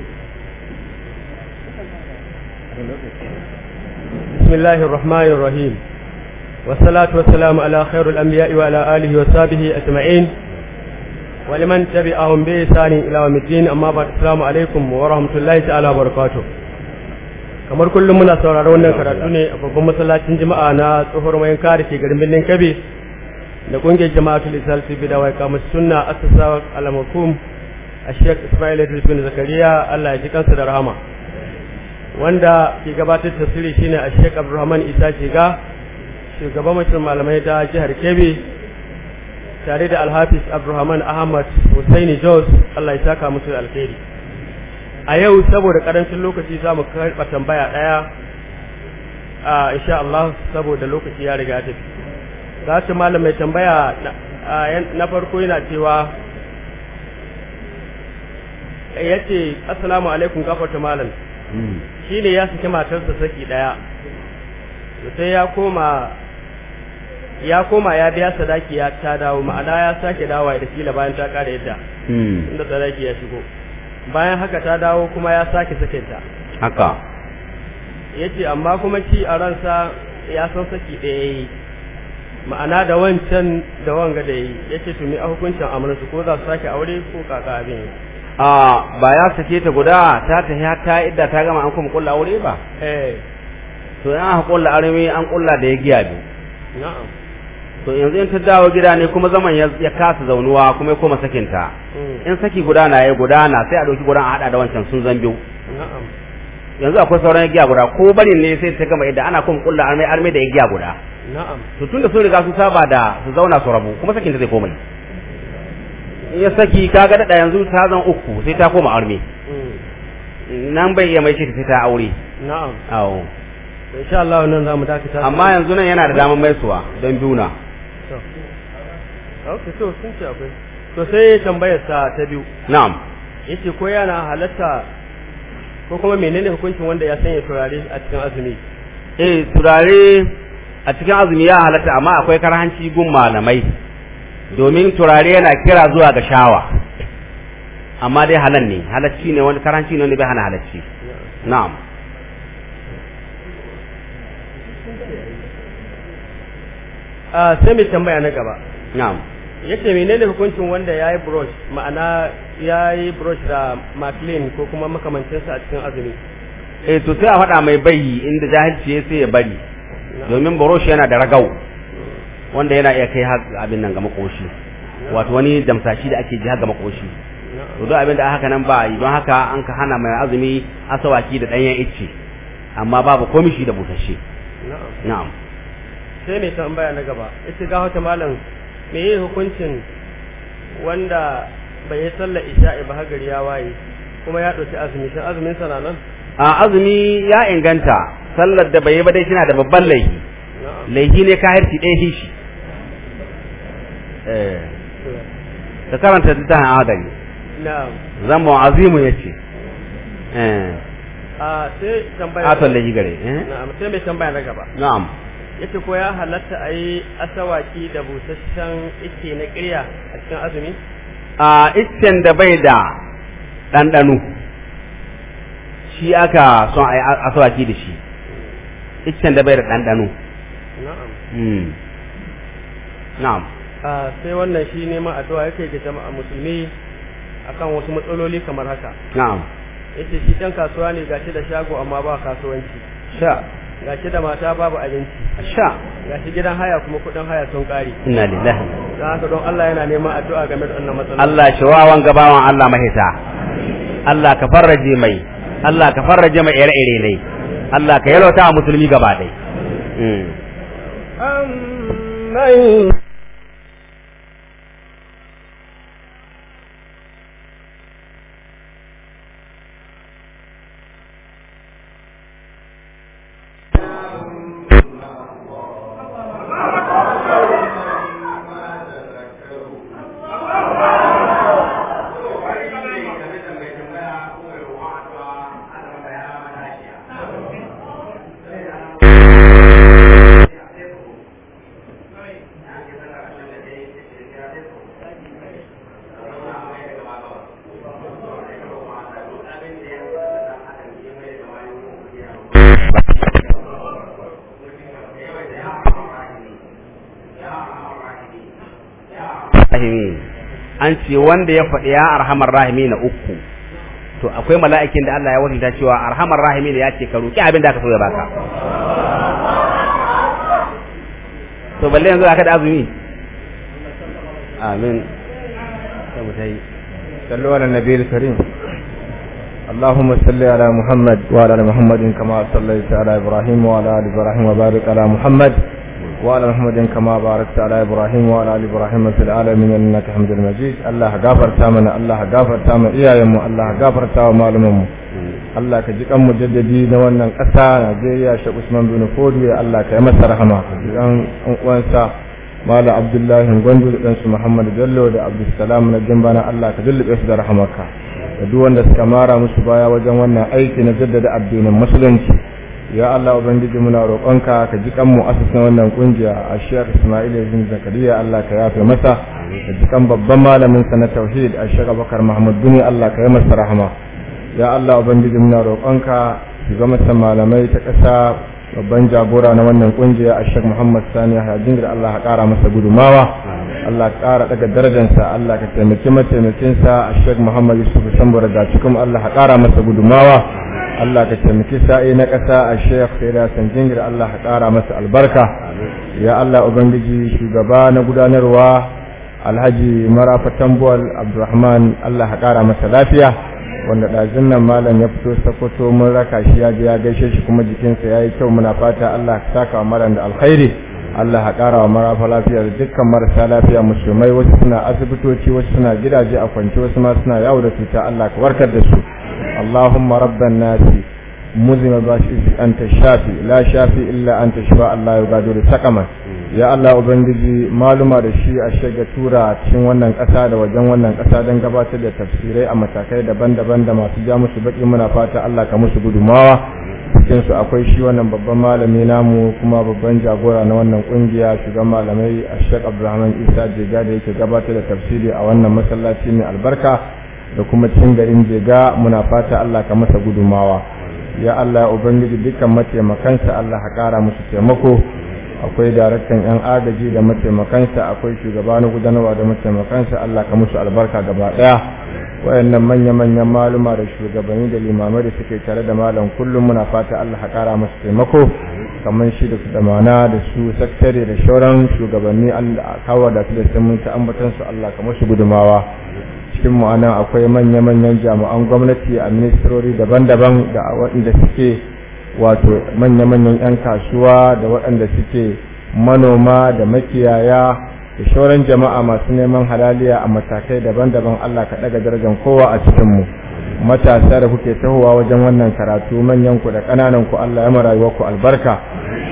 بسم الله الرحمن الرحيم والصلاة والسلام على خير الأنبياء وعلى آله وصحبه أجمعين ولمن تبعهم بإحسان إلى يوم الدين أما بعد السلام عليكم ورحمة الله تعالى وبركاته kamar kullum muna sauraron wannan karatu ne a babban masallacin jama'a na tsohuwar mayan da ke garin birnin kabe da kungiyar jama'atul bida bidawa kamar sunna asasawa alamakum a shek Ismail Idris bin Zakariya Allah ya ji kansa da rahama wanda ke gabatar da shine a shek Abdulrahman Isa Jiga shugaban mutum malamai da jihar Kebbi tare da Alhafiz Abdulrahman Ahmad Hussaini Jos Allah ya saka musu da alheri a yau saboda karancin lokaci za mu karɓa tambaya ɗaya a insha Allah saboda lokaci ya riga tafi za ta malamai tambaya na farko yana cewa ya ce assalamu alaikum ta malam hmm. shi ne ya saki matarsa saki ɗaya sai ya koma ya koma ya biya sadaki ya ta dawo ma'ana ya sake dawa da kila bayan ta kare yadda hmm. inda sadaki ya shigo bayan haka ta dawo kuma ya sake ta haka ya ce amma kuma shi a ransa ya san saki ɗaya yi ma'ana da wancan da wanga da yi ya ce tumi a hukuncin amurci ko za su sake aure ko kaka abin yi a ba ya sake ta guda ta ta ya ta idda ta gama an kuma kulla aure ba eh to ya ha kulla aure an kulla da ya giya bi. na'am to yanzu in ta dawo gida ne kuma zaman ya kasa zaunuwa kuma ya koma sakin ta hmm. in saki guda na ya guda na sai a dauki guda a hada da wancan sun zan biyu na'am yanzu akwai sauran ya giya guda ko barin ne sai ta gama idda ana kuma kulla arme arme da ya giya guda na'am to tunda sun riga sun saba da su zauna su rabu kuma sakin ta zai komai ya saki kaga da yanzu ta zan uku sai ta koma arme mm. nan bai iya mai shi sai ta aure na'am awo insha Allah nan zamu dakata amma yanzu nan yana da damar mai suwa don juna to okay sun ci akwai to sai tambayar ta ta biyu na'am yace ko yana halatta ko kuma menene hukuncin wanda ya sanya turare a cikin azumi eh turare a cikin azumi ya halatta amma akwai karhanci gun malamai domin turare yana kira zuwa ga shawa amma dai halan ne halacci ne wani karanci ne wani bai hana halacci na'am a ah, sai mai tambaya na gaba na'am yace menene hukuncin wanda yayi brush ma'ana yayi brush da maclean ko kuma makamancinsa a cikin azumi eh to sai a faɗa mai bayi inda jahilci ya sai ya bari domin brush yana da ragau wanda yana iya kai abin nan ga makoshi wato wani damsashi da ake ji ga makoshi to duk abin da haka nan ba yi don haka an ka hana mai azumi asawaki da danyen icce amma babu komai shi da busasshe na'am sai mai tambaya na gaba ita ga wata malam me yi hukuncin wanda bai yi sallar isha'i ba hagari ya waye kuma ya ɗauki azumi shin azumin sa na nan a azumi ya inganta sallar da bai yi ba dai tana da babban laifi laifi ne ka harci ɗaya shi Eh. ka karanta littafin adali zan zama azimu ya ce. Eh. a sai tambaya a talle gare eh? sai mai tambaya na gaba na'am ya ko ya halatta a yi asawaki da busasshen ike na ƙirya a cikin azumi? a icen da bai da ɗanɗano shi aka son a yi asawaki da shi icen da bai da ɗanɗano na'am hmm. a sai wannan shi neman addu'a yake ga jama'a musulmi akan wasu matsaloli kamar haka na'am yace shi dan kasuwa ne gashi da shago amma ba kasuwanci sha gashi da mata babu abinci sha gashi gidan haya kuma kudin haya sun kare inna lillahi dan haka don Allah yana neman addu'a game da wannan matsalolin Allah shawawan gabawan Allah mahita Allah ka farraje mai Allah ka farraje mai ire-ire ne Allah ka yalauta musulmi gaba ɗaya. um, wanda ya faɗi ya arhamar rahimi na uku to akwai mala'ikin da Allah ya wakilta cewa arhamar rahimi ya ce ka roki abin da aka so ya baka to balle yanzu aka da azumi amin sallu ala nabiyil karim اللهم صل على محمد وعلى محمد كما صليت على ابراهيم وعلى ال ابراهيم وبارك على محمد وعلى محمد كما باركت على إبراهيم وعلى آل إبراهيم في العالمين إنك حمد المجيد الله غافر تامنا الله غافر تام إياهم الله غافر تام معلمهم Allah ka ji kan mujaddadi na wannan ƙasa Najeriya Sheikh Usman bin Fodiyo Allah ka yi masa rahama ka ji uwansa Abdullahi Gwandu da ɗansu Muhammad Bello da salam na Jimbana Allah ka dullube su da rahamarka da duk wanda suka mara musu baya wajen wannan aiki na jaddada addinin musulunci ya Allah ubangiji muna roƙonka ka ji kan mu'assasin wannan kungiya a Sheikh Ismail bin Zakariya Allah ka yafe masa ka ji kan babban malamin sa na tauhid a Sheikh Abubakar muhammad Duni Allah ka yi masa rahama ya Allah ubangiji muna roƙonka ki ga masa malamai ta ƙasa babban jagora na wannan kungiya a Sheikh Muhammad Sani Hajjin da Allah ka ƙara masa gudumawa Allah ka ƙara daga darajarsa Allah ka taimaki mataimakinsa a Sheikh Muhammad Yusuf Sambura da cikin Allah ka ƙara masa gudumawa Allah ka taimaki sa'i na ƙasa a Sheikh Fela Sanjingir Allah ka ƙara masa albarka ya Allah ubangiji shugaba na gudanarwa Alhaji Marafa Tambuwal Abdulrahman Allah ka ƙara masa lafiya wanda ɗazun nan malam ya fito sakoto mun raka shi ya je ya gaishe shi kuma jikinsa ya yi kyau muna fata Allah ka saka wa malam da alkhairi Allah ka ƙara wa marafa lafiya da dukkan marasa lafiya musulmai wasu suna asibitoci wasu suna gidaje a kwance wasu ma suna yawo da cuta Allah ka warkar da su اللهم رب الناس مزم باشف أنت الشافي لا شافي إلا أنت شفاء لا يغادر سقما ya Allah ubangiji maluma da shi a shiga tura cikin wannan kasa da wajen wannan kasa don gabatar da tafsirai a matakai daban-daban da masu ja musu baki muna fata Allah ka musu gudumawa cikin su akwai shi wannan babban malami namu kuma babban jagora na wannan kungiya shugaban malamai a Sheikh Isa Jega da yake gabatar da tafsiri a wannan masallaci mai albarka da kuma cin garin jega muna fata Allah ka masa gudumawa ya Allah ya ubangiji dukkan mataimakansa Allah ya kara musu taimako akwai daraktan yan agaji da mataimakansa akwai shugaba na gudanarwa da mataimakansa Allah ka musu albarka gaba daya wayannan manya-manyan maluma da shugabanni da limamai da suke tare da malam kullum muna fata Allah ya kara musu taimako kamar shi da damana da su sakare da shauran shugabanni Allah kawo da su da sun mun ta ambatan su Allah ka musu gudumawa cikin mu anan akwai manya-manyan jami'an gwamnati a ministerori daban-daban da waɗanda suke wato manya-manyan 'yan kasuwa da waɗanda suke manoma da makiyaya da shauran jama'a masu neman halaliya a matakai daban-daban Allah ka ɗaga darajar kowa a cikin mu matasa da kuke tahowa wajen wannan karatu manyan ku da ƙananan ku Allah ya marayuwa ku albarka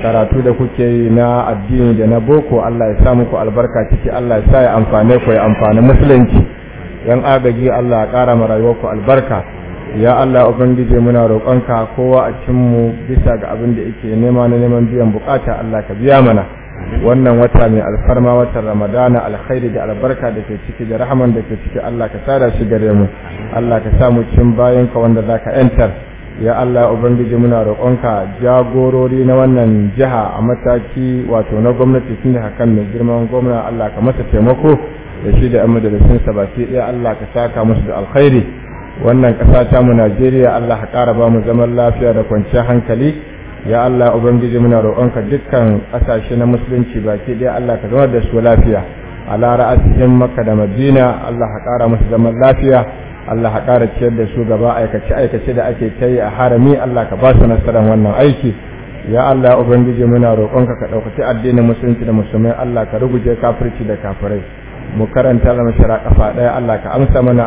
karatu da kuke yi na addini da na boko Allah ya sa muku albarka ciki Allah ya sa ya amfane ku ya amfani musulunci yan agaji Allah ya ƙara ma ku albarka ya Allah ubangije muna roƙonka kowa a cikin mu bisa ga abin da yake nema na neman biyan bukata Allah ka biya mana wannan wata mai alfarma watan Ramadana alkhairi da albarka da ke ciki da rahman da ke ciki Allah ka tsara shi gare mu Allah ka sa mu bayan ka wanda zaka yantar ya Allah ubangiji muna roƙonka jagorori na wannan jiha a mataki wato na gwamnati tun da hakan mai girman gwamna Allah ka masa taimako da shi da 'yan majalisinsa baki ɗaya Allah ka saka musu da alkhairi wannan ƙasa ta mu Najeriya Allah ka ƙara ba mu zaman lafiya da kwanciyar hankali ya Allah ubangiji muna roƙonka dukkan ƙasashe na musulunci baki ɗaya Allah ka zama da su lafiya a lara asihin Makka da Madina Allah ka ƙara musu zaman lafiya Allah ka ƙara ciyar da su gaba aikace aikace da ake ta yi a harami Allah ka ba su nasarar wannan aiki ya Allah ubangiji muna roƙonka ka ɗaukaci addinin musulunci da musulmai Allah ka ruguje kafirci da kafirai mu karanta da mashara kafa daya Allah ka amsa mana